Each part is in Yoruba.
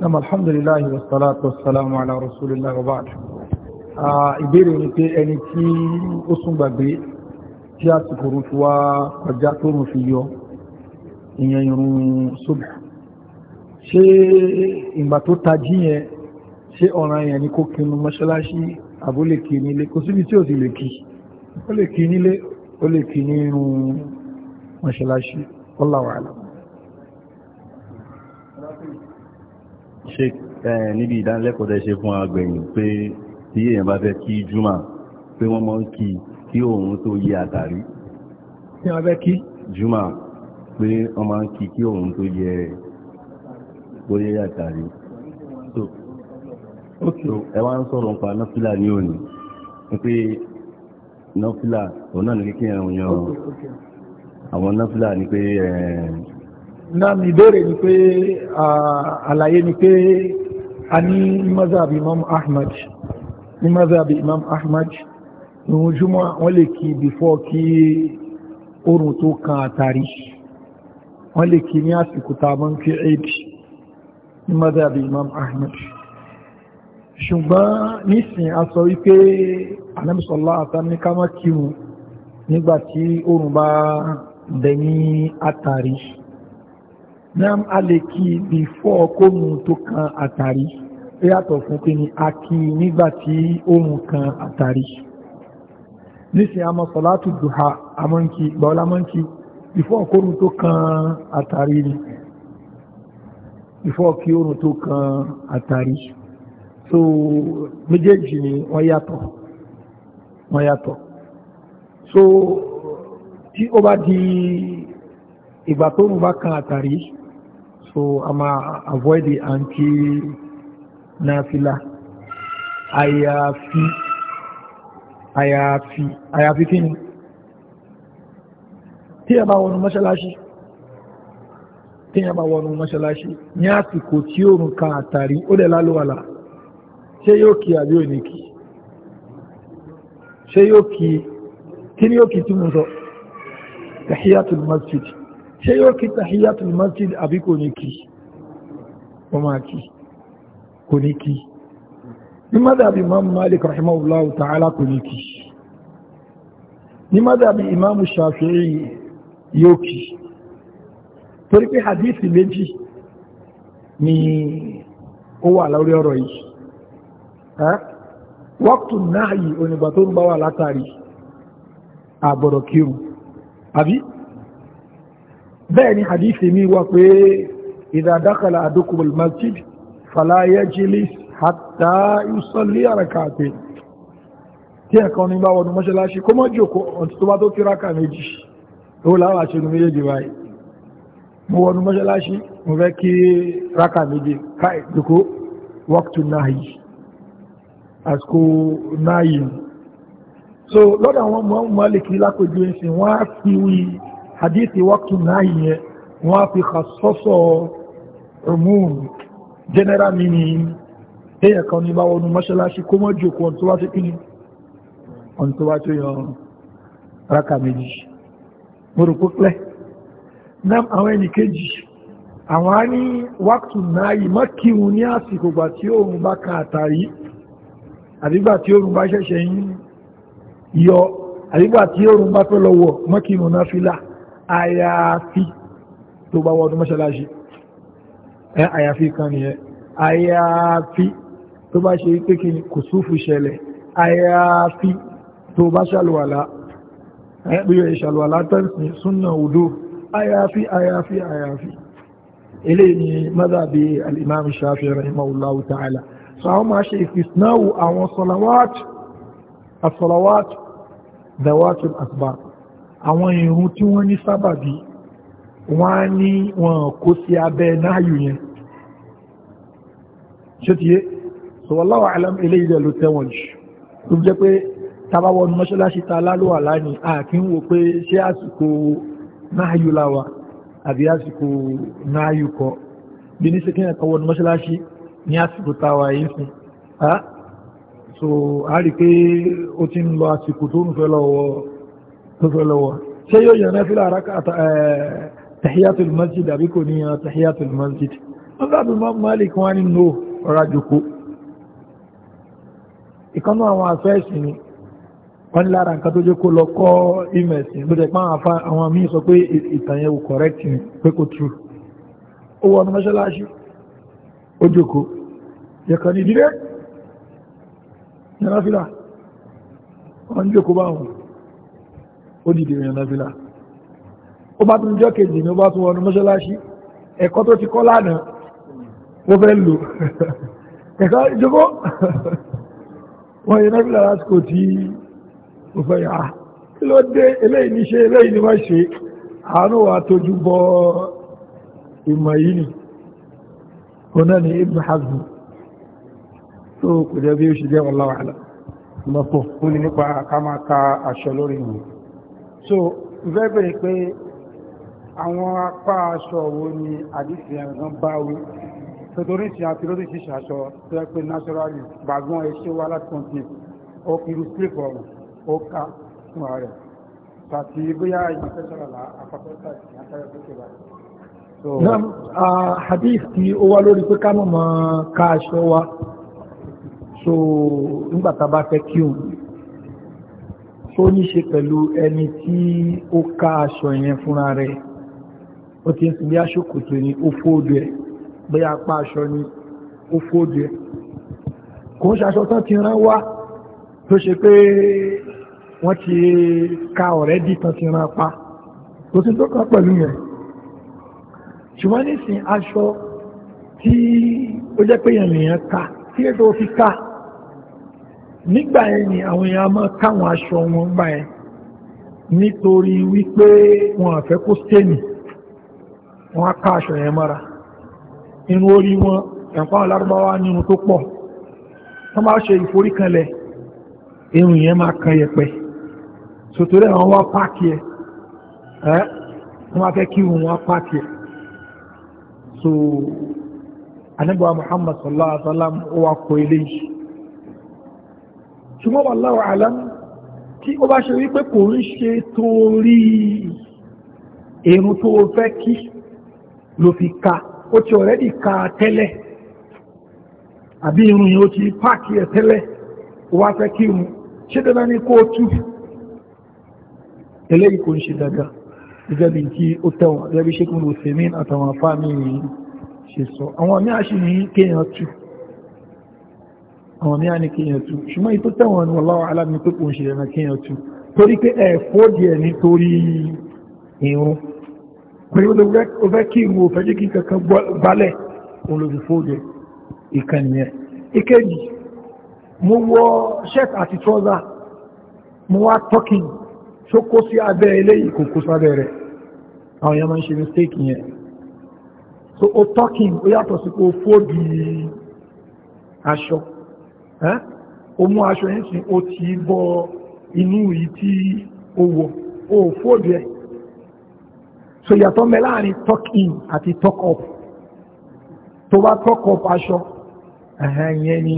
Nam alhamdulillahi wa salatu wa salamu ala rasulillah wa ba'd. Ìbéèrè ni pé ẹni tí ó sún gbàgbé tí a ti kòrò fi wá ọjá tó rùn fi yọ ìyẹn irun sóbì. Ṣé ìgbà tó tají yẹn ṣé ọ̀ràn yẹn ni kó kinu mọ́ṣáláṣí àbólè kí nílé kò síbi tí ò sì lè kí. Ó lè kí nílé, ó lè kí nínú mọ́ṣáláṣí. Wallahu ṣe níbi ìdánilẹ́kọ̀ọ́ tẹ́ ṣe fún agbẹ̀yìn pé tí èèyàn bá fẹ́ kí júmà pé wọ́n mọ́ ń kí kí òun tó yí àtàrí tí wọ́n fẹ́ kí júmà pé wọ́n máa ń kí kí òun tó yẹ bóyé àtàrí ẹ wá ń sọ̀rọ̀ nípa nọ́fílà ní òní pé nọ́fílà òun náà ní kíkí ẹ̀rùn yan àwọn nọ́fílà ní pé náà mi béèrè ni pé àlàyé ni pé a ní mazhabi imam ahmad ní mazhabi imam ahmad ìrun júmọ́ wọ́n lè kí before kí oòrùn tó kan àtàrí wọ́n lè kí ní àsìkò tá a máa ń kí eid ní mazhabi imam ahmad ṣùgbọ́n nísìn a sọ wípé anamisọ́lá àtàmíkámá kírun nígbàtí oòrùn bá dẹ̀yìn àtàrí náà a lè kí bífọ́ kóòmù tó kan àtàrí ó yàtọ̀ fún pé ní a kí nígbà tí òun kan àtàrí nísìnyí àmọ́ sọ̀látù dùhà àmọ́ǹkì gbọ́ọ́lá mọ́ǹkì bífọ́ kóòmù tó kan àtàrí ni bífọ́ kí òun tó kan àtàrí so méjèèjì ni wọ́n yàtọ̀ wọ́n yàtọ̀ so tí ó bá di ìgbà tó ń bá kan àtàrí so a máa avoid the anti àyàfi àyàfi àyàfi kí ni tí a bá wọnú mọ́ṣálásí tí a bá wọnú mọ́ṣálásí ní àsìkò tí oòrùn kan àtàrí ó dẹ̀ lálówàlà ṣé yóò kí àbí ò ní kí ṣé yóò kí kí ni yóò kí tí mo sọ tahiyatul masjid ṣé yóò kí tahiyatul masjid àbí kò ní kí ó máa kí kò ní kí ní madhabi imam malik rahimahullahu ta'ala kò ní kí ní madhabi imam shafi'i yóò kí torí pé hadithi méjì ni ó wà lórí ọ̀rọ̀ yìí wọ́pùtù náà yìí onígbà tó ń bá wà látàrí àbọ̀rọ̀ àbí bẹ́ẹ̀ ni hadithi mi wà pé idha dakhala ahadukumul masjid fala yajlis hatta yusalli rak'atayn tí ẹ̀kan ní bá wọnú mọ́ṣáláṣí kó mọ́ jòkó ọ̀tí tó bá tó kíra kà méjì tó láwọn àṣẹnu méjèèjì báyìí mo kí ráka méjì káì jòkó waqtu nahyi àsìkò nahyi so lọ́dọ̀ àwọn mọ́ Málíkì lápẹjú ẹ̀sìn hadithi wọ́kì náà yẹ wọ́n á fi sọ́sọ́ umum general meaning èyàn kan ní bá wọnú mọ́ṣáláṣí kó mọ́ jòkó ọ̀n tó wá sí kíni ọ̀n tó wá tó yan rákà méjì mo rò pé pẹ́ nam àwọn ẹnì kejì àwọn á ní wákìtù náà yìí má kírun ní àsìkò gbà ka àtàrí àdígbà tí òun bá ṣẹ̀ṣẹ̀ yín yọ àdígbà tí òun bá fẹ́ lọ wọ̀ mọ́kìrun náà fi àyàfi tó bá wọ́n ọdún mọ́ṣáláṣí ẹ àyàfi kan nìyẹn àyàfi tó bá ṣe pé kí kò súfù ṣẹlẹ̀ àyàfi tó bá ṣàlùwàlá ẹgbẹ́ ìṣàlùwàlá tẹ́sì súnà òdó àyàfi àyàfi àyàfi ilé ni mọ́dàbí al'imam shafi rahimahullahu ta'ala so àwọn máa ṣe ìfisnáwò àwọn salawat as-salawat dawatul àwọn irun tí wọ́n ní sábàbí wọ́n ní wọn kó sí abẹ́ náàyù yẹn ṣe ti yé so wallahu alam eléyìí rẹ̀ ló tẹ́wọ̀n jù tó jẹ́ pé tábàwọ̀ mọ́ṣáláṣí ta lálùwà lánìí àkí ń wo pé ṣé àsìkò náàyù láwa àbí àsìkò náàyù kọ bí ní sẹ́kẹ́ so a rí pé ó ti tó fẹ́ lọ́wọ́ ṣé yóò yàn náà fílà àrákà tahiyatul masjid àbí kò ní yàn tahiyatul masjid wọ́n sábà máa Malik wá ní no ọ̀rá jòkó ìkànnà àwọn afẹ́ẹ̀sì ni wọ́n ní lára nǹkan tó jẹ́ kó lọ kọ́ ìmẹ̀sì ló jẹ́ pé àwọn míì sọ pé ìtàn correct ni pé kò true ó wọ́n mọ́ṣáláṣí ó jòkó yẹ̀kan ìdílé yẹn wọ́n jòkó báwọn ó dìde yẹn nàfílà ó bá tún jọ́ kejì ní ó bá tún wọnú mọ́ṣáláṣí ẹ̀kọ́ tó ti kọ́ lánàá ó fẹ́ lò ẹ̀kọ́ ìjọba wọ́n yẹn nàfílà lásìkò tí ó fẹ́ yà kí ló dé eléyìí ní ṣe eléyìí ní wọ́n ṣe àánú wa tójú bọ́ ìmọ̀ yìí ni òun náà ni Ibn Hazm tó kò jẹ́ bí ó ṣe jẹ́ wọn láwàlá. Mọ̀pọ̀ ó ní nípa ká máa ka aṣọ lórí ìwé so ìfẹ́ bẹ̀rẹ̀ pé àwọn apá aṣọ wo ni àdìsí ẹ̀ràn bá wí tòtòrí ìsìn àti lórí ìṣiṣẹ́ aṣọ tó yẹ pé naturally gbàgbọ́n ẹṣẹ́ wá láti continent ó fi irú slip ọ̀rùn ó ká fún ààrẹ àti bóyá ìyẹn fẹ́ sọ̀rọ̀ a bá fẹ́ kí ó ní ṣe pẹ̀lú ẹni tí ó ká aṣọ yẹn fúnra rẹ̀ ó ti ń sin aṣòkòtò ni ó fóòdù ẹ̀ bóyá apá aṣọ ni ó fóòdù ẹ̀ kò ń ṣaṣọ tán ti rán wá tó ṣe pé wọ́n ti ka ọ̀rẹ́ dì tán ti rán pa kò sí tó kàn pẹ̀lú yẹn ṣùgbọ́n nísìn aṣọ tí ó jẹ́ pé yẹn ká tí ètò fi ká nígbà yẹn ni àwọn èèyàn máa káwọn aṣọ wọn gbà ẹ nítorí wípé wọn àfẹ́ kó stéèmì wọn á ká aṣọ yẹn mọ́ra inú orí wọn ẹ̀kọ́ alárúbáwá nínú tó pọ̀ wọ́n bá ṣe ìforíkanlẹ̀ irun yẹn máa kan yẹpẹ̀ sòtòrẹ́ àwọn wá páàkì ẹ̀ wọ́n máa fẹ́ kí irun so anábọ̀wá Muhammad sallallahu alaihi wa sallam ó kọ eléyìí ṣùgbọ́n wallahu alam tí ó bá ṣe wípé kò ń ṣe torí èrùn tó fẹ́ kí ló fi ka ó ti already ka tẹ́lẹ̀ àbí irun yìí ó ti páàkì ẹ̀ tẹ́lẹ̀ wá fẹ́ kí irun ṣé dandan ni kó tú eléyìí kò ń ṣe dandan gẹ́gẹ́ bí tí ó tẹ̀wọ̀n gẹ́gẹ́ bí ṣe kí mo àtàwọn afá mi ṣe sọ àwọn àmì àṣìyàn kéèyàn tú àwọn ní àní kíyàn tú ṣùgbọ́n ìtò tẹ́wọ̀n ní wallahu a'lam ní pípò ń ṣe ẹ̀nà kíyàn tú torí pé ẹ̀ fọ́ọ̀dì ẹ̀ nítorí irun pé ó fẹ́ kí irun òfẹ́ jẹ́ kí kankan gbálẹ̀ òun ló fi fọ́ọ̀dì ìkànnì wọ shirt àti trouser mo wá talking tó kó sí abẹ́ eléyìí kò kó sábẹ́ rẹ̀ àwọn èèyàn máa ń ṣe mistake yẹn so o talking ó yàtọ̀ sí pé o fọ́ọ̀dì aṣọ o mú aṣọ yẹn sí o ti bọ inú yìí tí o wọ̀ o fóòdù ẹ̀ so yàtọ̀ mẹ́ láàrin tuck in àti tuck up tó bá tuck up aṣọ ẹ̀hẹ̀n yẹn ni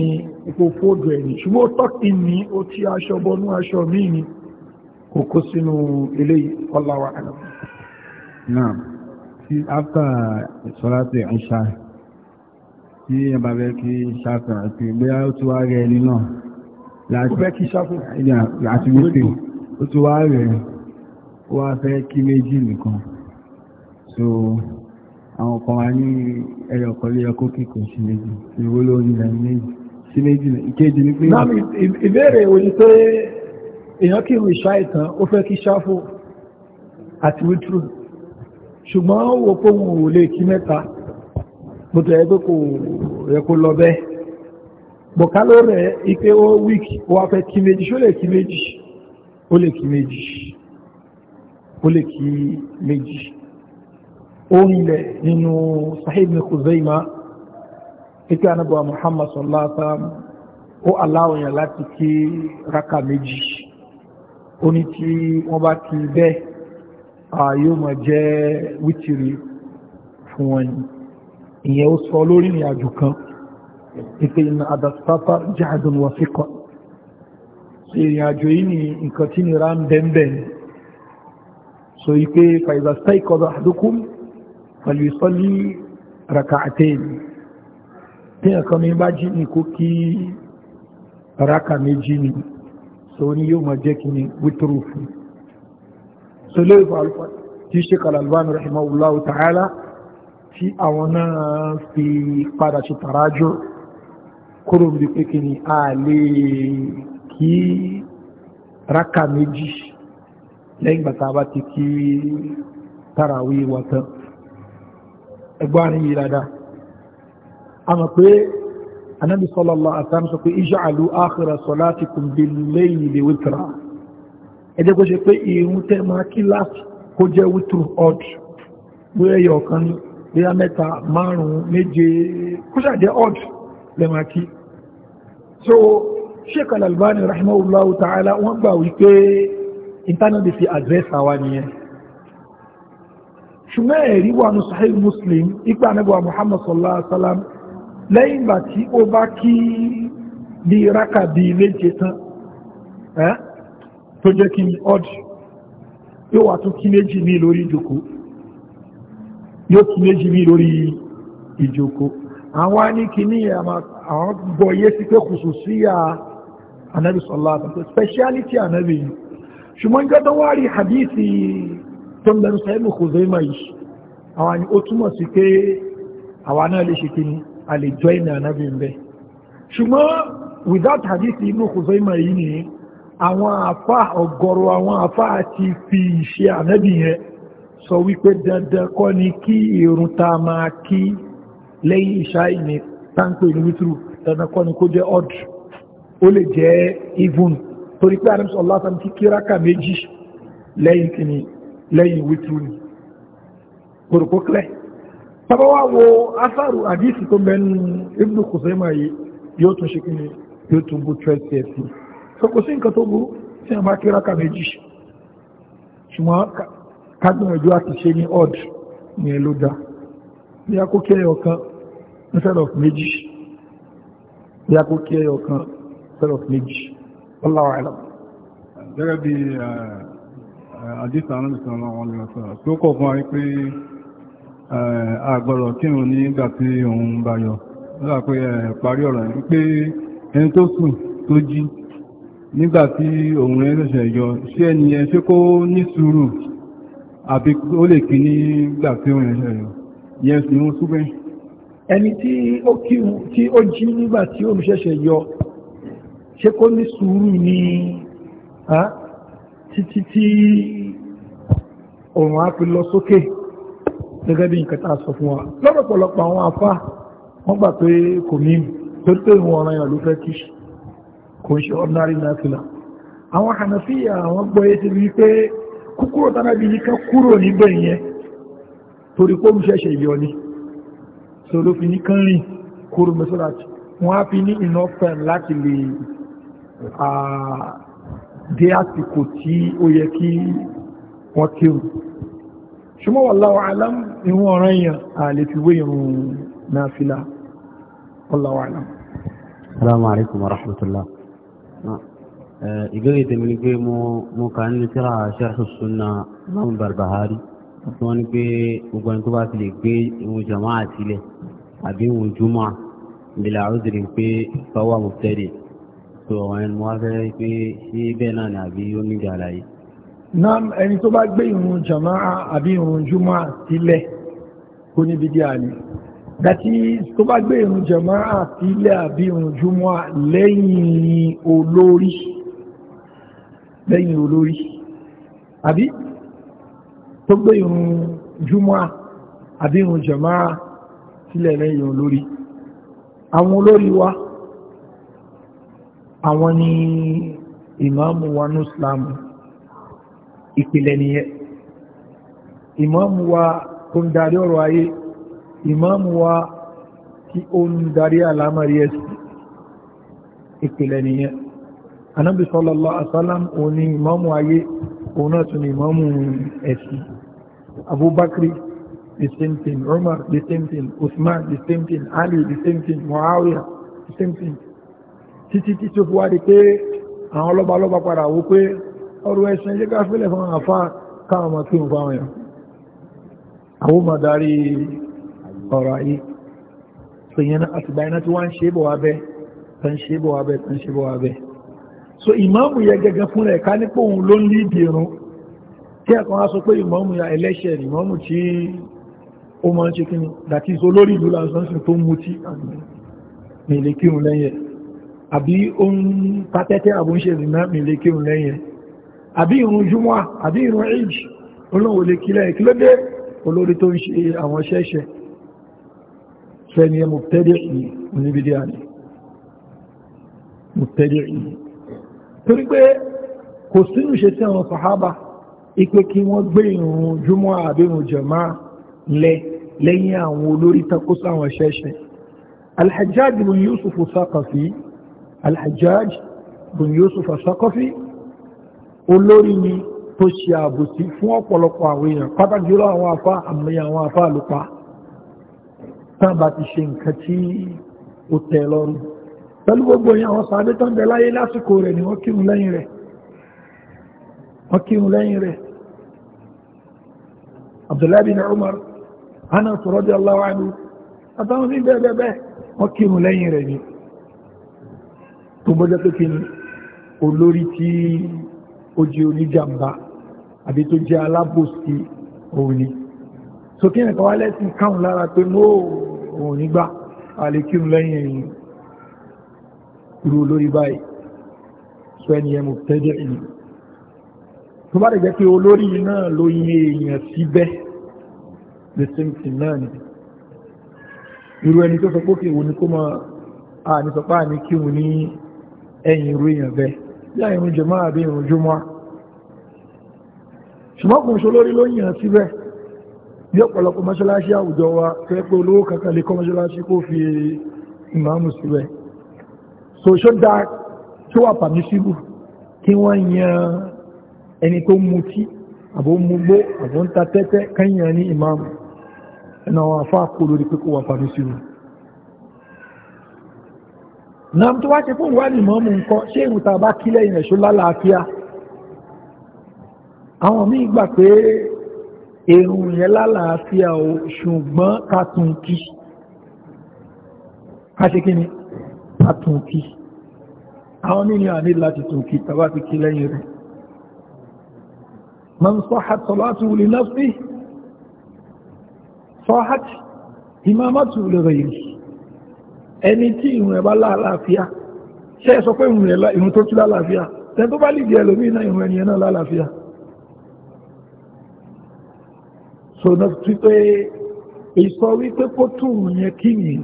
ipò fóòdù ẹ̀ ní ṣùgbọ́n tuck in ní o ti aṣọ bọnú aṣọ míì ni kò kó sínú eléyìí ọláwà àná. náà sí after ìṣọ́lá ti ń ṣáà tí ẹ bá fẹ́ kí ṣàfihàn àti bóyá ó tún wá rẹ ẹni náà láti fẹ́ kí ṣàfihàn àti wípé ó tún wá rẹ ó wá fẹ́ kí méjì nìkan so àwọn kan wá ní ẹyọ kan lé sí méjì ìwó ló ní méjì ni pé èèyàn kì í rú ìṣá ìtàn ó fẹ́ kí ṣáfù àti wítúrù ṣùgbọ́n wò pé òun ò lè bó tẹ̀ ẹ́ pé kò yẹ kó lọ bẹ́ẹ̀ bọ̀kálọ́ rẹ̀ ipé ó wíkì ó wá fẹ́ kí méjì ṣó lè kí méjì ó lè kí méjì ó lè kí méjì ó rinlẹ̀ nínú Sahih ibn Khuzaimah ipé anábọ̀ Muhammad sallallahu alaihi wasallam ó aláwọ̀ yẹn láti kí rákà méjì ó ní tí wọ́n bá kí bẹ́ẹ̀ yóò máa jẹ́ wítìrì fún wọn ni ìyẹn ó sọ lórí ìrìn àjò kan ìpé ìnà àdàsáfà jihadun wasiqa sí ìrìn àjò yìí ni nǹkan tí nira ń bẹ́ẹ̀ ni so ìpé fàìzàstá ìkọ̀dọ̀ àdúkùn pẹ̀lú ìsọ́lí raka'atayn tí nǹkan raka méjì ni tí Sheikh al rahimahullahu ta'ala tí àwọn náà fi padà ṣe tàrájò kúrò bí pé kí ni a lè kí rákà méjì lẹ́yìn gbàtà bá ti kí tàràwí wàtán ẹgbọ́n yìí dáadáa a mọ̀ pé anábi sallallahu alaihi sọ pé ij'alu akhira salatikum bil-layli witra ẹjẹ́ kó ṣe pé ìrún tẹ́ máa kí láti kó jẹ́ wítúrù ọdún bóyá ẹ̀yọ̀ kan bíyá mẹ́ta márùn-ún méje kúṣàjẹ́ odd lẹ́màkí so Sheikh Al-Albani rahimahullahu ta'ala wọ́n gbà wípé intanẹ́tì fi address àwa nìyẹn ṣùgbọ́n ẹ̀rí wà ní Sahih Muslim ipa anábọ̀ Muhammad sallallahu alaihi wasallam lẹ́yìn ìgbà tí ó bá kí bí rákà bí méje tán tó jẹ́ kí ni odd yóò wà tún kí méjì ní lórí ìjókòó yóò tún méjì bí lórí ìjókòó àwọn aníkíní àwọn gbọ́yé sí pé kùsù sí ànábì sallallahu alaihi wasallam speciality ànábì yìí ṣùgbọ́n gẹ́gẹ́ wá rí hadithi tó ń bẹnu sẹ́nu Khuzaimah yìí àwọn ni ó túmọ̀ sí pé àwọn náà lè ṣe kí ni a lè jọ ìnà ànábì ń bẹ ṣùgbọ́n without hadithi inú Khuzaimah yìí ni àwọn àfá ọ̀gọ̀rọ̀ àwọn àfá àti fi ìṣe ànábì yẹn sọ wípé dandan kọ́ ni kí irun ta máa kí lẹ́yìn ìṣáì ní táǹpé ní wítírù dandan kọ́ ni kó jẹ́ odd ó lè jẹ́ even torí pé àrẹ́mùsọ̀ lásán kí kíráka méjì lẹ́yìn kìíní lẹ́yìn wítírù ni kòròkó kílẹ̀ sábà wá wo asáàrù àdísì tó mẹ́nu Ibn Khuzaymah yìí yóò tún ṣe kíni yóò tún bú 12 cfc so kò sí nǹkan tó burú tí a kíráka méjì ṣùgbọ́n kágbìyànjú àti ṣe ní odd ní ẹ ló dá bí a kó kí ẹyọ kan instead of méjì bí a kó kí ẹyọ kan instead of méjì wallahu a'lam. gẹ́gẹ́ bí àdìsá anábìsá ọlọ́wọ́n lè sọ tí ó kọ̀ fún wa pé àgbọ̀rọ̀ kírun àbí ó lè kí nígbà tí ó rìn ẹ̀ṣẹ̀ eh, yẹn sì ń súnmẹ́ ẹni tí ó kírun tí ó jí nígbà tí ó ṣẹ̀ṣẹ̀ yọ ṣé kó ní sùúrù ní títí tí òun á fi lọ sókè gẹ́gẹ́ bí nǹkan tá a sọ fún wa lọ́pọ̀lọpọ̀ àwọn afá wọ́n gbà pé kò ní torí pé ìwọ̀n ọ̀ràn ìyàn ló fẹ́ kí kò ń ṣe ordinary nafila àwọn hànàfíà àwọn gbọ́ yé ti rí pé kúkúrò tánàbí ní kán kúrò níbẹ̀ yẹn torí kó rúṣẹ́ṣẹ́ ìlú ọlé so ló fi ní kán rìn kúrò mẹ́sọ́láti wọ́n á fi ní enough time láti lè dé àsìkò tí ó yẹ kí wọ́n kírun ṣùgbọ́n wallahu alam ìwọ̀n ọ̀ràn yẹn a lè fi wé irun nafila wallahu alam. Assalamu alaikum warahmatullah. Eh, ìbéèrè tèmi ni pé mo kà ní tíra Sharh Sunnah Imam Barbahari tí wọ́n ní pé gbogbo ẹni tó bá ti lè gbé ìwọ̀n jama àtìlẹ̀ àbí ìwọ̀n juma ìbílẹ̀ àrùsìrì pé fáwọn mọ̀tẹ́rì tó àwọn ẹni wọ́n fẹ́ pé sí bẹ́ẹ̀ náà ni àbí ó ní ìjàlá yìí. náà ẹni tó bá gbé ìwọ̀n jama àbí ìwọ̀n juma sílẹ̀ kó níbi díà ni dàtí tó bá gbé ìrun jàmáà sílẹ̀ àbí ìrun jùmọ́ lẹ́yìn olórí lẹ́yìn olórí àbí tó gbé ìrun júmọ́ àbí ìrun jàmáà sílẹ̀ lẹ́yìn olórí àwọn olórí wa àwọn ni ìmáàmù wa ní ìsìláàmù ìpìlẹ̀ nìyẹn ìmáàmù wa tó ń darí ọ̀rọ̀ ayé ìmáàmù wa tí ó ń darí àlámọ̀rí ẹ̀sìn ìpìlẹ̀ nìyẹn anábì sallallahu alaihi wasallam òun ni ìmáàmù ayé òun náà tún ni ìmáàmù ẹ̀sìn abubakar the same thing umar the same thing usman the same thing ali the same thing muawiya the same thing títí títí ó fi wá di pé àwọn lọ́balọ́ba padà wó pé ọrọ̀ ẹ̀sìn ẹjẹ́ ká fún àfá káwọn ọmọ tí ó fáwọn èèyàn àwọn ọmọ darí ọ̀rọ̀ ayé tó àtìgbà iná tí wọ́n ń ṣe bọ̀ wá bẹ́ẹ̀ tán ṣe bọ̀ wá bẹ́ẹ̀ tán ṣe bọ̀ wá bẹ́ẹ̀ so ìmáàmù yẹ gẹ́gẹ́ fún rẹ̀ ká nípò òun ló ń lídì irun kí ẹ̀kan á sọ pé ìmáàmù ya ẹlẹ́ṣẹ̀ ìmáàmù tí ó máa ń ṣe kí ni that is olórí ìlú lásán tó ń mutí mi lè kírun lẹ́yìn ẹ̀ àbí ó ń patẹ́tẹ́ àbó ń ṣe ìrìnà mi lè kírun lẹ́yìn torí pé kò sínú ṣe tí àwọn sàhábà ipe kí wọ́n gbé ìrùn júmọ́ àbírùn jẹ̀má lẹ lẹ́yìn àwọn olórí takó sáwọn ṣẹ́ṣẹ́ alhajjaj bin yusuf saqafi alhajjaj bin yusuf saqafi olórí ni tó ṣe àbòsí fún ọ̀pọ̀lọpọ̀ àwọn èèyàn pàtàkì jùlọ àwọn afá àmì àwọn afá àlùpàá tán ti ṣe nǹkan tí ó tẹ́ lọ́rùn pẹ̀lú gbogbo yẹn àwọn sàádé tó ń bẹ láyé lásìkò rẹ̀ ni wọ́n kírun lẹ́yìn rẹ̀ wọ́n kírun lẹ́yìn rẹ̀ Abdullahi bin Umar Anas radiyallahu anhu àtàwọn ní bẹ́ẹ̀bẹ́ẹ̀ wọ́n kírun lẹ́yìn rẹ̀ ni tó bọ́jọ́ pé kí ni olórí tí ó jẹ́ oníjàmbá àbí tó jẹ́ alábòsí òun ni so kí nìkan wá lẹ́sìn káwọn lára pé mọ́ òun nígbà àlékírun lẹ́yìn ẹ̀yìn irú olórí báyìí sọ ẹni ẹmu tẹ́jẹ́ ìlú tó bá lè jẹ́ pé olórí náà ló yin èèyàn síbẹ̀ the same thing náà ni irú ẹni tó sọ pé òkè òun ni kó máa àní sọ pé àní kí òun ní ẹ̀yìn irú èèyàn bẹ́ẹ̀ bí àìrùn jẹmọ́ àbí ìrùn jọmọ́ ṣùgbọ́n kò ń ṣe olórí ló yìn síbẹ̀ bí ọ̀pọ̀lọpọ̀ mọ́ṣáláṣí àwùjọ wa fẹ́ pé olówó kankan lè kọ́ mọ́ṣáláṣí kó fi ìmáàmù síbẹ̀ so ṣó dá ṣó wà pàmísìlù kí wọ́n yan ẹni tó mutí àbò mugbó àbò ń ta tẹ́tẹ́ kẹ́yìn ní ìmáàmù ẹ̀nà àwọn àfáà kó lórí pé kó wà pàmísìlù náà tó wá ṣe fún ìwádìí mọ́mù nǹkan ṣé ìwùta bá kílẹ̀ ìrẹ̀ṣó lálàáfíà àwọn míì gbà pé èrùn yẹn lálàáfíà o ṣùgbọ́n ká tún kí ká ṣe kí ni àtúnkí àwọn nínú àní láti túnkí tàbá ti kí lẹ́yìn rẹ̀ man sọ́hat sọ́látù lè náfí sọ́hat imamatu lè rẹ̀ ẹni tí ìrùn ẹ̀bá láàláàfíà ṣe sọ pé ìrùn tó kí láàláàfíà tẹ́ tó bá lè jẹ́ ẹlòmí náà ìrùn ẹni náà láàláàfíà so náà ti pé ìsọ wípé kó tún yẹn kí nìyí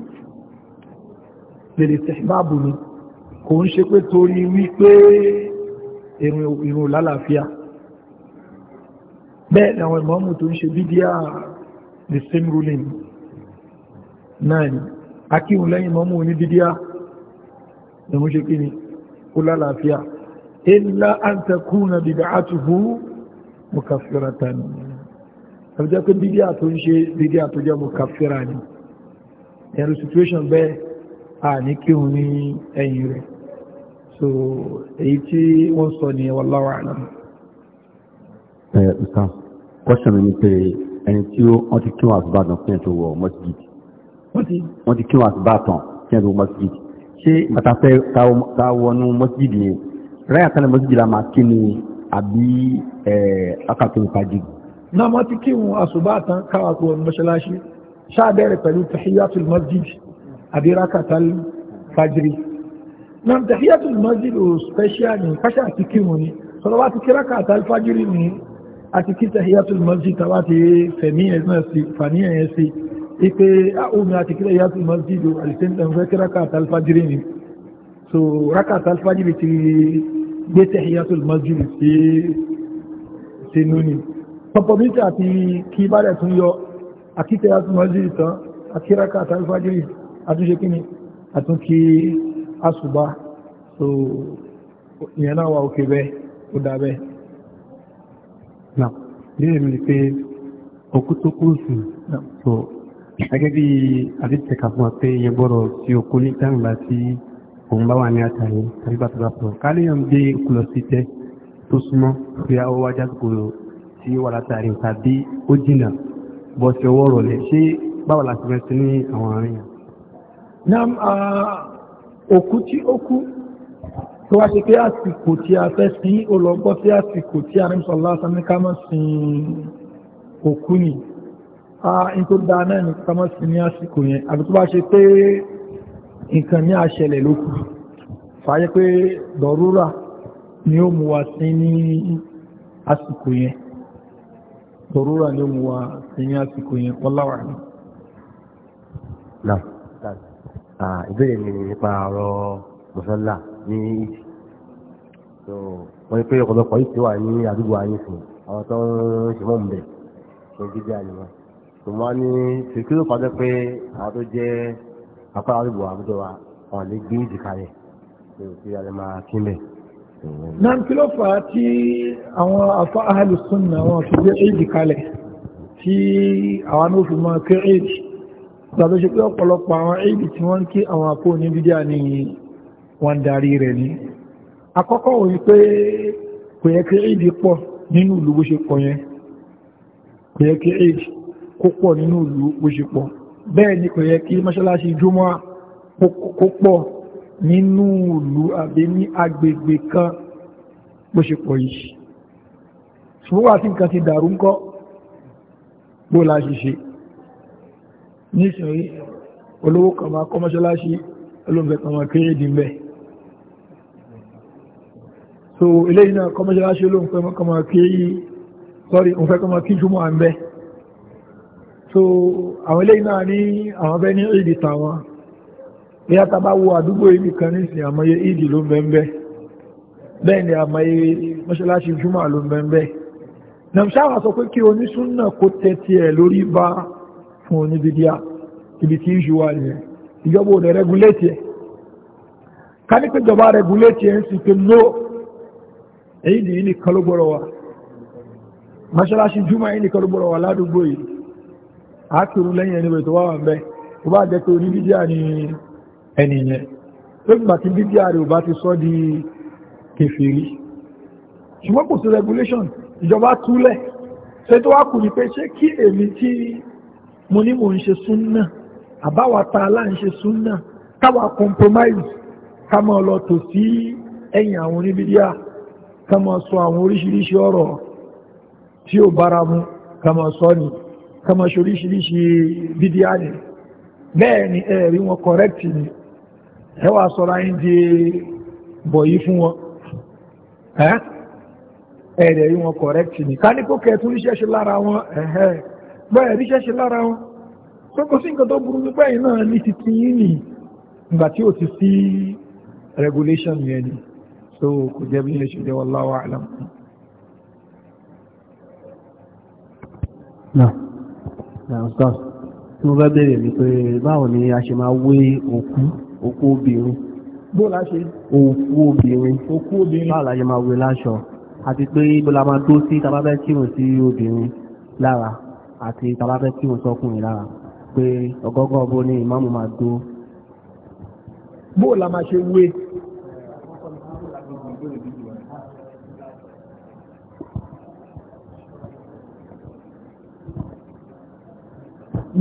lèrè tẹ̀síbáàbù ni kò ń ṣe pé torí wípé ìrùn lálàáfíà bẹ́ẹ̀ ni àwọn ìmọ̀ọ́mù tó ń ṣe bídíà the same ruling náà ni akíhùn lẹ́yìn ìmọ̀ọ́mù ní bídíà ìrùn ṣe kí ni ó lálàáfíà illa an takuna bid'atuhu mukaffiratan àbújá pé bídíà tó ń ṣe bídíà tó jẹ́ mukafira ni ẹ̀rù situation bẹ́ẹ̀ a ní kí òun ní ẹ̀yìn rẹ̀ so èyí tí wọ́n sọ ní wallahu a'lam. ẹ ẹ ǹkan kọ́sàn mi ni pé ẹni tí wọ́n ti kí wọn àtúbà tán kí ẹ tó wọ mọ́síjìdì wọ́n ti kí wọn àtúbà tán kí ẹ tó wọ mọ́síjìdì ṣé bàtàfẹ́ ká wọnú mọ́síjìdì yẹn ráyà kan ní mọ́síjìdì la máa kí ni àbí akàtò ìpàjì. náà wọ́n ti kí wọn àtúbà tán mọ́ṣáláṣí ṣáà pẹ̀lú tahiyatul masjid àbí rákàtàl fàjìrì náà tahiyatul masjid ò special ní káṣà àti kírun ni sọ́dọ̀ wá ti kí rákàtàl fàjìrì ní àti kí tahiyatul masjid tàbá ti fẹ̀mí ẹ̀ náà sí fàní ẹ̀yẹ sí ipe àwọn àti kí tahiyatul masjid ò àlìsẹ́ńtẹ̀ ń fẹ́ kí rákàtàl fàjìrì ní so rákàtàl fàjìrì ti gbé tahiyatul masjid sí sínú ni pọpọmítà àti kí bá rẹ̀ tún yọ àkítẹ̀yàtùmọ́jì ìtàn àkíraka àtàlfàjìrì àtúnṣe kí ni àtúnkí àṣùbá so ìyẹn náà wà òkè bẹ́ẹ̀ ó dá bẹ́ẹ̀ náà ní èmi ni pé òkú tó so gẹ́gẹ́ bí àdìsẹ̀kà fún wa pé ìyẹn gbọ́dọ̀ sí òkú ní táìmù tí òun bá wà ní àtàyè tàbí bàtà bá pọ̀ káléyàn gbé kùlọ̀ sí tẹ́ tó súnmọ́ pé a wá jásìkò tí wà látàrí tàbí ó jìnà bọ́ sí ọwọ́ rọ̀lẹ́ ṣé báwo la ti fẹ́ sí ní àwọn àárín yẹn nam òkú tí ó kú tó wá ṣe pé àsìkò tí a fẹ́ sí olọ́gbọ́ sí àsìkò tí a rẹ̀ sọ̀lá sami sí òkú ni a in tó dáa náà ní ká mọ́ sí ní àsìkò yẹn àbí tó bá ṣe pé nǹkan ní àṣẹlẹ̀ ló fàáyé pé dọ̀rúrà ni ó mú wa sí ní àsìkò yẹn dọ̀rúrà ni ó mú wa sí ní àsìkò yẹn wallahu a'lam. Naam ìbéèrè mi nípa ọ̀rọ̀ mọ̀sálà ní ìdí so wọ́n ní pé ọ̀pọ̀lọpọ̀ yìí ti wà ní àdúgbò ayé fún àwọn tó ń ṣe mọ́ mbẹ̀ ṣe gidi àníwá so wọ́n ní ṣèkí ló padà pé àwọn tó jẹ́ apá àdúgbò àbújọ wa wọn lè gbé ìdí kalẹ̀ so kí a lè máa kí mbẹ̀. náà kí ló fà á tí àwọn afá ahàlùsùn náà wọn fi gbé ìdí kalẹ̀ tí àwọn náà fi máa kí ìdí gbàdó ṣe pé ọ̀pọ̀lọpọ̀ àwọn ibi tí wọ́n ń kí àwọn àpò ní bídíà ni wọ́n darí rẹ̀ ní àkọ́kọ́ òun pé kò yẹ kí ìdí pọ̀ nínú ìlú bó ṣe pọ̀ yẹn kò yẹ kí ìdí kó pọ̀ nínú ìlú bó ṣe pọ̀ bẹ́ẹ̀ ni kò yẹ kí mọ́ṣáláṣí jùmọ́ kó pọ̀ nínú ìlú àbí ní agbègbè kan bó ṣe pọ̀ yìí ṣùgbọ́n wà sí nǹkan ti dàrú ńkọ́ bó la ṣe ṣe nísìnyí olówó kan máa kọ́ mọ́ṣáláṣí olóńgbẹ kan máa kéré dì mbẹ́ so eléyìí náà kọ́ mọ́ṣáláṣí olóńgbẹ kan máa kéré sọ́rí òun fẹ́ kí jùmọ̀ à ń bẹ́ so àwọn eléyìí náà ní àwọn bẹ́ ní ìdí tàwọn ìyá ta wo àdúgbò ibi kan nísìnyí àmọye ìdí ló bẹ́ ń bẹ́ bẹ́ẹ̀ ni àmọye mọ́ṣáláṣí jùmọ̀ ló ń bẹ́ ń bẹ́ nàìjíríà sọ pé kí onísùn náà kó tẹ́tí ẹ̀ lórí bá fún oníbídíà ibi tí ìṣù wà nìyẹn ìjọba òde regulate ẹ̀ ká ní pé ìjọba regulate ẹ̀ ń sì pé no èyí nìyí nìkan ló gbọ́rọ̀ wà mọ́ṣáláṣí júmọ̀ yìí nìkan ló ládùúgbò yìí àákìrún lẹ́yìn ẹni wẹ̀ tó wà wọn bẹ́ẹ̀ tó bá jẹ́ pé oníbídíà ni ẹni yẹn tó gbà tí bídíà rẹ̀ ò bá ti sọ di kèfèrí ṣùgbọ́n kò sí regulation ìjọba túlẹ̀ ṣe tó wá kù ní pé ṣé kí èmi tí mo ní mò ń ṣe súnnà àbáwa ta alá ń ṣe súnnà káwa compromise ká máa lọ tò sí ẹ̀yìn àwọn oníbídíà ká máa sọ àwọn oríṣiríṣi ọ̀rọ̀ tí ó bára mu ká máa sọ ni ká máa ṣe oríṣiríṣi bídíà ni bẹ́ẹ̀ ni ẹ̀rí wọn correct ni ẹ wàá sọra ń di bọ̀yí fún wọn ẹ̀ẹ́dẹ̀rí wọn correct ni ká ní kó kẹ́ẹ̀tún ṣẹ́ṣe lára wọn ẹ̀ẹ́ gba ẹ̀rí ṣẹ́ṣe lára wọn tó kò sí nǹkan tó burú nípa ẹ̀yìn náà ní titi yín nì ìgbà tí ò ti sí regulation yẹn ni so kò jẹ́ bí ẹ̀ṣẹ̀ jẹ́ wallahu a'lam. náà náà sọ́ọ̀ tí mo bá bẹ̀rẹ̀ mi pé báwo ni a ṣe máa wé òkú òkú obìnrin bó la ṣe òkú obìnrin òkú obìnrin báwo la ṣe máa wé láṣọ àti pé bó la máa dó sí tá a kírun sí obìnrin lára àti tàbáfẹ́ kí wọ́n sọkùnrin lára pé ọgọ́gọ́ bó ní ìmáàmù máa dúró. bó la máa ṣe wé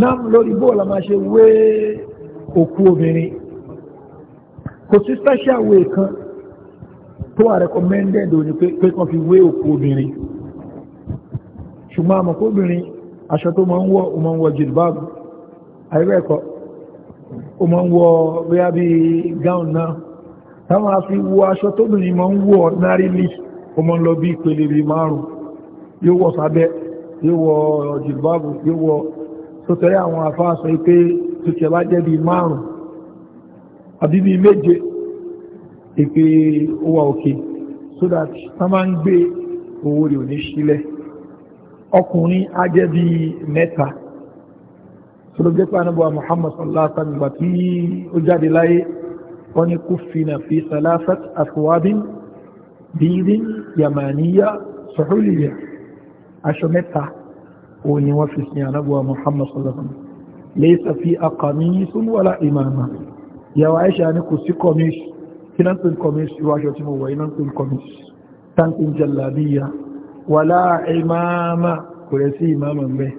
náà lórí bó la máa ṣe wé òkú obìnrin kò sí special way kan tó wà recommended òní pé kan fi wé òkú obìnrin ṣùgbọ́n àmọ́ kó obìnrin aṣọ tó máa ń wọ̀ o máa ń wọ̀ jìlbáàbù àìbẹ́ẹ̀kọ́ o máa ń wọ̀ bóyá bí gáùn náà táwọn afi wọ aṣọ tó bìnrin máa ń wọ̀ nárílì o máa ń lọ bí ìpele bí márùn yóò wọ̀ sábẹ́ yóò wọ̀ jìlbáàbù yóò wọ̀ tó tẹ̀lé àwọn afáà sọ pé tuntun bá jẹ́ bí márùn àbí bí méje èpè ó wà òkè so that wọ́n máa ń gbé owó rẹ̀ ò ní sílẹ̀ ọkùnrin á jẹ́ bí mẹ́ta sọ́dọ̀ jẹ́ pé anábọ̀ Muhammad sallallahu alaihi wa tí ó jáde láyé wọ́n ní kuffina fi salasat athwabin bíidin yamaniya suhuliya aṣọ mẹ́ta òun ni wọ́n fi sin anábọ̀ Muhammad sallallahu alaihi wa laysa fi qamisun wala imama ìyàwó Aisha ní kò sí kọmíṣ kí wàlá ìmáàmà kò rẹ̀ sí ìmáàmà mẹ́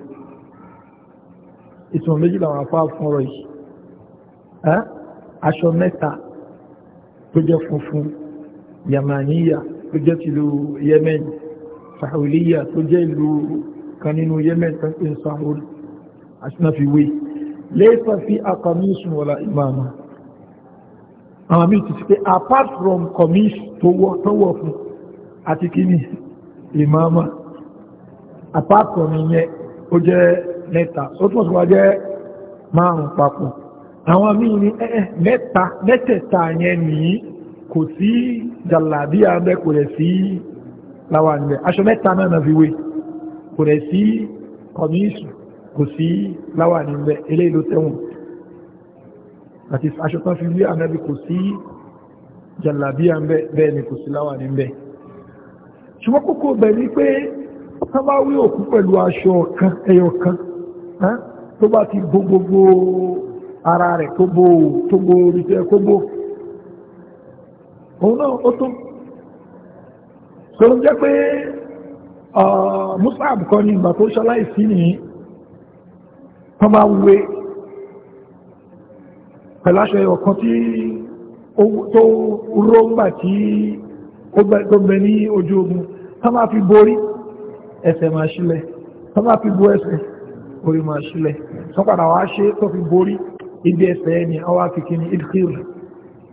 ìtumọ̀ méjì làwọn afá fún ọ̀rọ̀ yìí aṣọ mẹ́ta tó jẹ́ funfun yamaniya tó jẹ́ tìlú yemen sahuliya tó jẹ́ ìlú kan nínú yemen tó ń sahul asinafiwe lẹ́ẹ̀fà fi akọmíṣùn wàlá ìmáàmà àwọn míì ti sí pé apart from commission tó wọ́ fún àti kìíní ìmáàmà àpapọ̀ nìyẹn ó jẹ́ mẹ́ta ó tún ọ̀sán wá jẹ́ márùn-ún papọ̀ àwọn míì ní ẹ́ẹ̀ eh, eh, mẹ́ta mẹ́tẹ̀ẹ̀ta yẹn nìyí kò sí jàlàbíà ń bẹ kò rẹ̀ sí láwà ń bẹ aṣọ mẹ́ta náà náà fi wé kò rẹ̀ sí kọ̀míṣù kò sí láwà ní ń bẹ àti aṣọ tán fi wé ànábì kò sí jàlàbíà bẹ́ẹ̀ ni kò sí láwà ní ṣùgbọ́n kókó bẹ̀ ní pé wọ́n bá wí òkú pẹ̀lú aṣọ ọ̀kan ẹyọ kan tó bá ti bó gbogbo ara rẹ̀ tó bó tó bó orí tẹ́ kó bó òun náà ó tó sọ́rọ̀ jẹ́ pé Mus'ab kan ní ìgbà tó ṣaláìsí nìyí wọ́n máa wúwe pẹ̀láṣọ ẹyọ kan tí tó rọ́ngbà tí tó bẹ ní ojú ogun tó máa fi borí ẹsẹ̀ máa ṣílẹ̀ tó máa fi bó ẹsẹ̀ orí máa ṣílẹ̀ tó padà wá ṣe tó fi borí ibi ẹsẹ̀ ẹni ọwá fi kí ní ìdíkìrì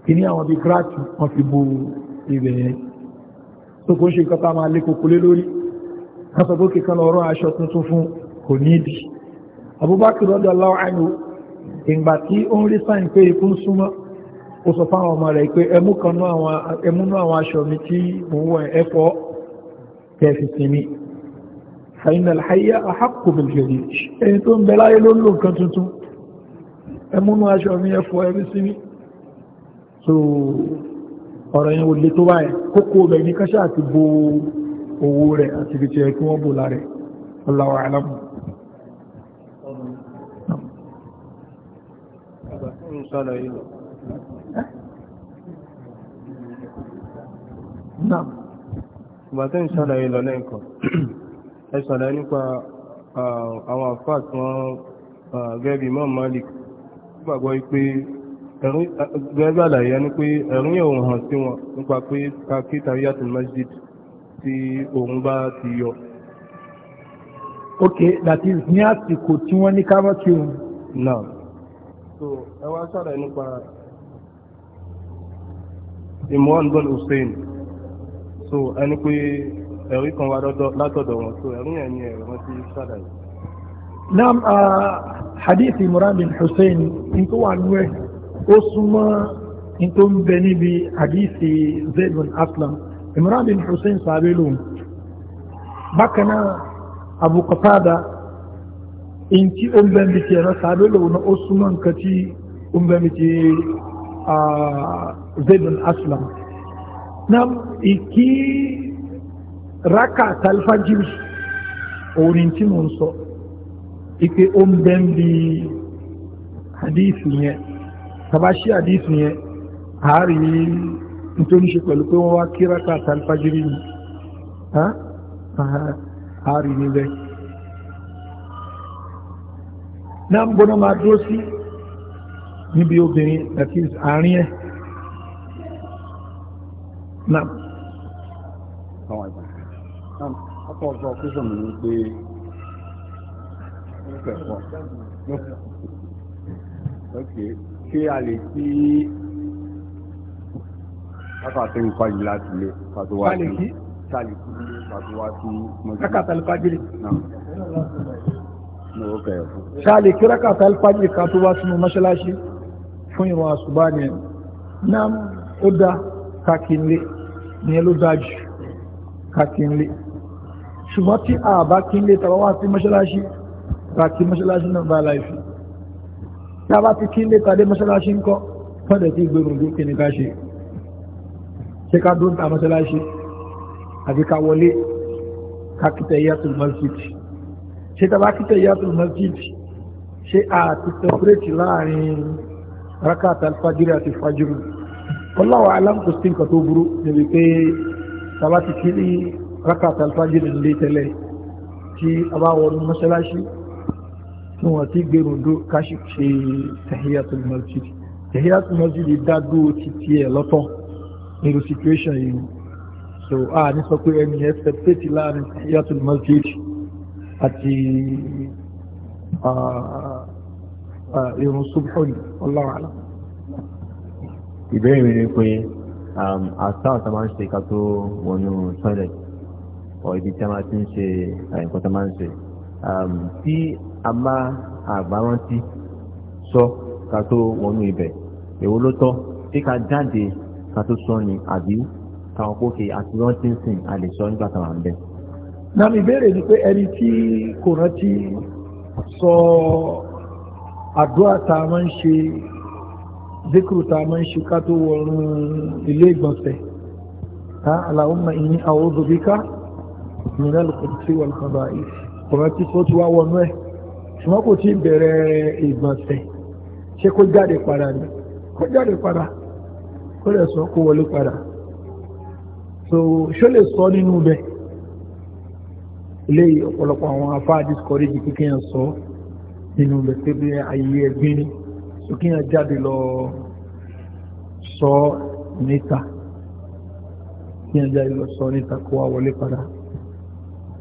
kí ní àwọn bí gráàtì wọ́n fi bo ibẹ̀ yẹn tó kó ṣe nǹkan tá máa lé kòkó lé lórí wọ́n ó sọ fáwọn ọmọ rẹ̀ pé ẹmúnú àwọn aṣọ mi tí mo wọ ẹ̀fọ́ kẹfìsìnmi fainal haya ahaqqu bil jadid ẹni tó ń bẹ láyé ló ń lò nǹkan tuntun ẹmúnú aṣọ mi ẹ̀fọ́ ẹ̀fìsìnmi so ọ̀rọ̀ yẹn ò tó báyìí kókó bẹ̀ ní káṣá àti bo owó rẹ̀ àti fi tiẹ̀ kí wọ́n ìgbàtẹ́ ìṣàlàyé lọ lẹ́ǹkan ẹ ṣàlàyé nípa àwọn àfáà tí wọ́n gẹ́bí Imam Malik gbàgbọ́ pé gẹ́gẹ́ àlàyé ní pé ẹ̀rún yẹ̀ òun hàn sí wọn nípa pé kàkí tàríyàtùl masjid tí òun bá ti yọ ok that is ní àsìkò tí wọ́n ní ká mọ́ kí òun náà so ẹ wá ṣàlàyé nípa Imran bin Hussein so ẹni pé ẹ̀rí kan wá látọ̀dọ̀ wọn so ẹ̀rí yẹn ni ẹ̀rọ wọn ti ṣàlàyé. Naam ah, hadith Imran bin Hussein ní tó wà nú ẹ̀ ó súnmọ́ ní ń bẹ níbi hadith Zayd bin Aslam Imran bin Hussein sàbẹ̀ lòun bákan náà Abu Qatada in ci umben bi kenan sabe launa osu man ka ci umben a zaidun aslam na ìkí raka talfajiri orin tí mo ń sọ ipe ó ń bẹ́ ń bi hadithi yẹn tabashi hadithi yẹn àárín nítorí ṣe pẹ̀lú pé wọ́n wá kí raka talfajiri ni àárín níbẹ̀ náà ń gbọ́nà máa dúró sí níbi obìnrin àti àárín ẹ̀ Naam. Àwọn ìgbà. Naam, ọkọ̀ ọ̀gbọ̀n pẹ́sọ̀ Ok, ṣé a lè kí kákàtí ń pàjì láti lé pàtó wá sí sáàlì kí pàtó wá sí mọ́jú. Kákàtí alfajiri. Naam. Ní ó fẹ́ fún. Sáàlì kí rákàtí alfajiri ká tó wá sínú mọ́ṣáláṣí ni. Naam, ó dá káàkiri ìyẹn ló dájú kàkínlé ṣùgbọ́n tí a bá kínlé tàbá wá sí mọ́ṣáláṣí kàkí mọ́ṣáláṣí náà bá láìsí tí a bá ti kínlé tàdé mọ́ṣáláṣí ń kọ́ fọ́dẹ̀ tí gbèrùn ló kí ni ká ṣe ṣe ká dóńtà mọ́ṣáláṣí àti ká wọlé ká kìtẹ̀ yàtùl masjid ṣe tàbá kìtẹ̀ yàtùl masjid ṣe àti separate láàrin rákàtà alfajiri wallahu alam kò sí nǹkan tó burú níbi pé tàbá ti kí ní rákàtà alfájì nílé tẹ́lẹ̀ tí a bá wọnú mọ́ṣáláṣí tí wọ́n ti gbèrò dó káṣí ṣe tahiyatul masjid tahiyatul masjid dádó ti tiẹ̀ lọ́tọ̀ nínú situation yìí so a ní sọ pé ẹni ẹsẹ̀pẹ́tì láàrin tahiyatul masjid àti irun subhani wallahu alam ìbéèrè mi ni pé àṣà um, ọ̀sán máa ń ṣe ká tó wọnú toilet ọ̀ ibi tí a máa ti ń ṣe eh, nǹkan tó máa ń ṣe um, tí a máa àgbárántí sọ ká tó wọnú ibẹ̀ èwo ló tọ́ tí ká jáde ká tó sọ ni àbí káwọn pókè àti rántí sìn a lè sọ nígbà táwọn ń bẹ. náà ìbéèrè ni pé ẹni tí kò rántí sọ àdúrà tá a máa ń ṣe zikiru tá a máa ń ṣe ká tó wọrùn ilé ìgbọ̀nsẹ̀ Allahumma inni a'udhu bika minal khubuthi wal khaba'ith ọ̀rọ̀ tí tó ti wá wọnú ẹ̀ ṣùgbọ́n kò tí bẹ̀rẹ̀ so ṣó lè sọ nínú bẹ́ẹ̀ ilé ọ̀pọ̀lọpọ̀ àwọn afáà discourage kíkẹ́ yẹn sọ nínú bẹ́ẹ̀ bí ayé ẹgbẹ́ ni sókíyàn jáde lọ sọ níta kíyàn jáde lọ sọ níta kó wá wọlé padà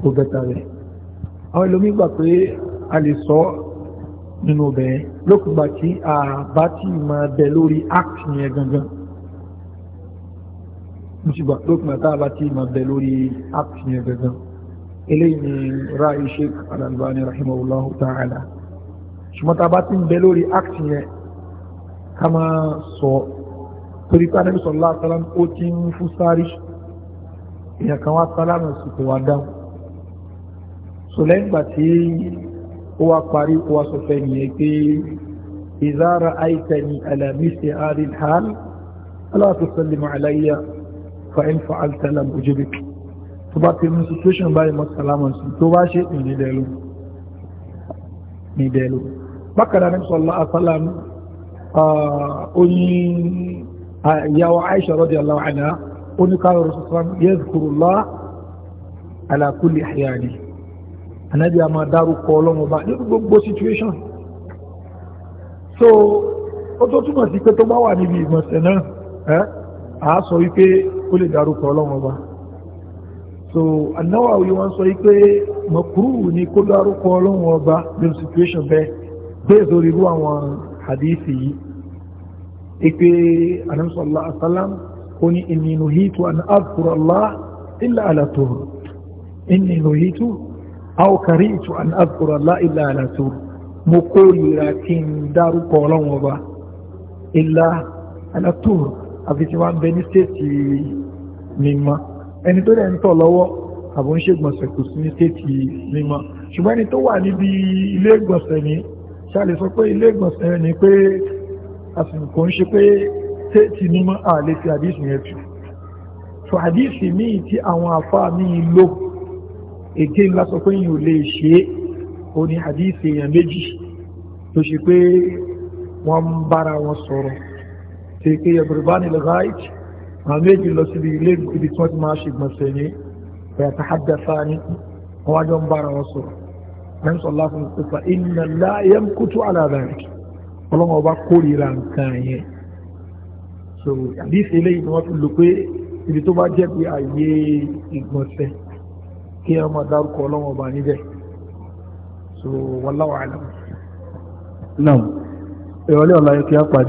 tó bẹ́ta rẹ̀ àwọn ìlú mígbà pé a lè sọ nínú obìnrin lókùgbà tí a bá tí máa bẹ lórí act yẹn gangan mo lókùgbà tá a bá tí máa bẹ lórí act yẹn gangan eléyìí ni ráyí sheik al-Albani rahimahullahu ta'ala ṣùgbọ́n tá a bá tí bẹ lórí act yẹn ká so, sọ torí pé anábì sọ̀rọ̀ láàtàlá ó ti ń fún sáré èèyàn kan wá sálámà sí kò wá dáhùn so lẹ́yìn gbà tí ó wá parí ó wá sọ fẹ́ nìyẹn pé ìzára àìtẹ̀ni alamisi àárín hàn aláàtúnṣẹ́lẹ̀mọ̀ aláyíyá fa'in fa'altala ojúbik tó bá fi mú situation báyìí mọ́ sálámà sí tó bá ṣe ìnídẹ̀lú bákan náà sọ̀lá àsálàmù ya wa Aisha radiyallahu anha oníkàwé onye yazkurullah ala kulli ahyani a máa dárúkọ ọlọ́mọba ní gbogbo situation so ó tó túmọ̀ sí pé tó bá wà níbi ìgbọ̀nsẹ̀ náà ẹ́ àá sọ so An-Nawawi wọ́n sọ wípé mọ̀kúrú ni kó dárúkọ ọlọ́mọba bí situation bẹ́ẹ̀ bẹ́ẹ̀ sórí irú àwọn hadithi ipe anamsọ́lá asálám ó ní ìnìyàn hitu an azkurallá illa ala tuhur ìnìyàn hitu aukari itu an azkurallá illa ala tuhur mo kórìíra kí n dárúkọ ọlọ́wọ́n ọba illa ala tuhur àfi tí wọ́n bẹ ní stéètì mímọ́ ẹni tó dẹ̀ ń tọ̀ lọ́wọ́ àbò ń ṣègbọ̀nsẹ̀ kò sí ní stéètì mímọ́ ṣùgbọ́n ẹni tó wà níbi ilé ìgbọ̀nsẹ̀ ní ṣàlẹ̀ sọ pé ilé ìgbọ̀nsẹ̀ ní pé àsìkò ń ṣe pé tẹ́tì ní mọ́ àlè ti àdísì yẹn tù so àdísì míì tí àwọn afá míì lò èké ńlá sọ pé yìí ò lè ṣe é ó ní àdísì èèyàn méjì tó ṣe pé wọ́n ń bára wọn sọ̀rọ̀ tí pé yorùbá ní lọ́gáìt àwọn méjì lọ síbi ilé ibi tí wọ́n ti máa ṣègbọ̀nsẹ̀ ní ẹ̀yàtà hajjafá ní wọ́n wájọ́ ń bára wọn sọ̀rọ̀ ẹ̀ńsọ̀lá fún ìpínlẹ̀ ìnàlá yẹn kútú àlàbẹ̀rẹ̀ ọlọ́wọ́n ọba kórìíra nǹkan yẹn so àdísì eléyìí ni wọ́n fi lò pé ibi tó bá jẹ́ pé àyè ìgbọ̀nsẹ̀ kí wọ́n máa dárúkọ ọlọ́wọ́n ọba níbẹ̀ so wallahu alam. náà ìrọ̀lẹ́ ọ̀la yẹn kí á pàdé.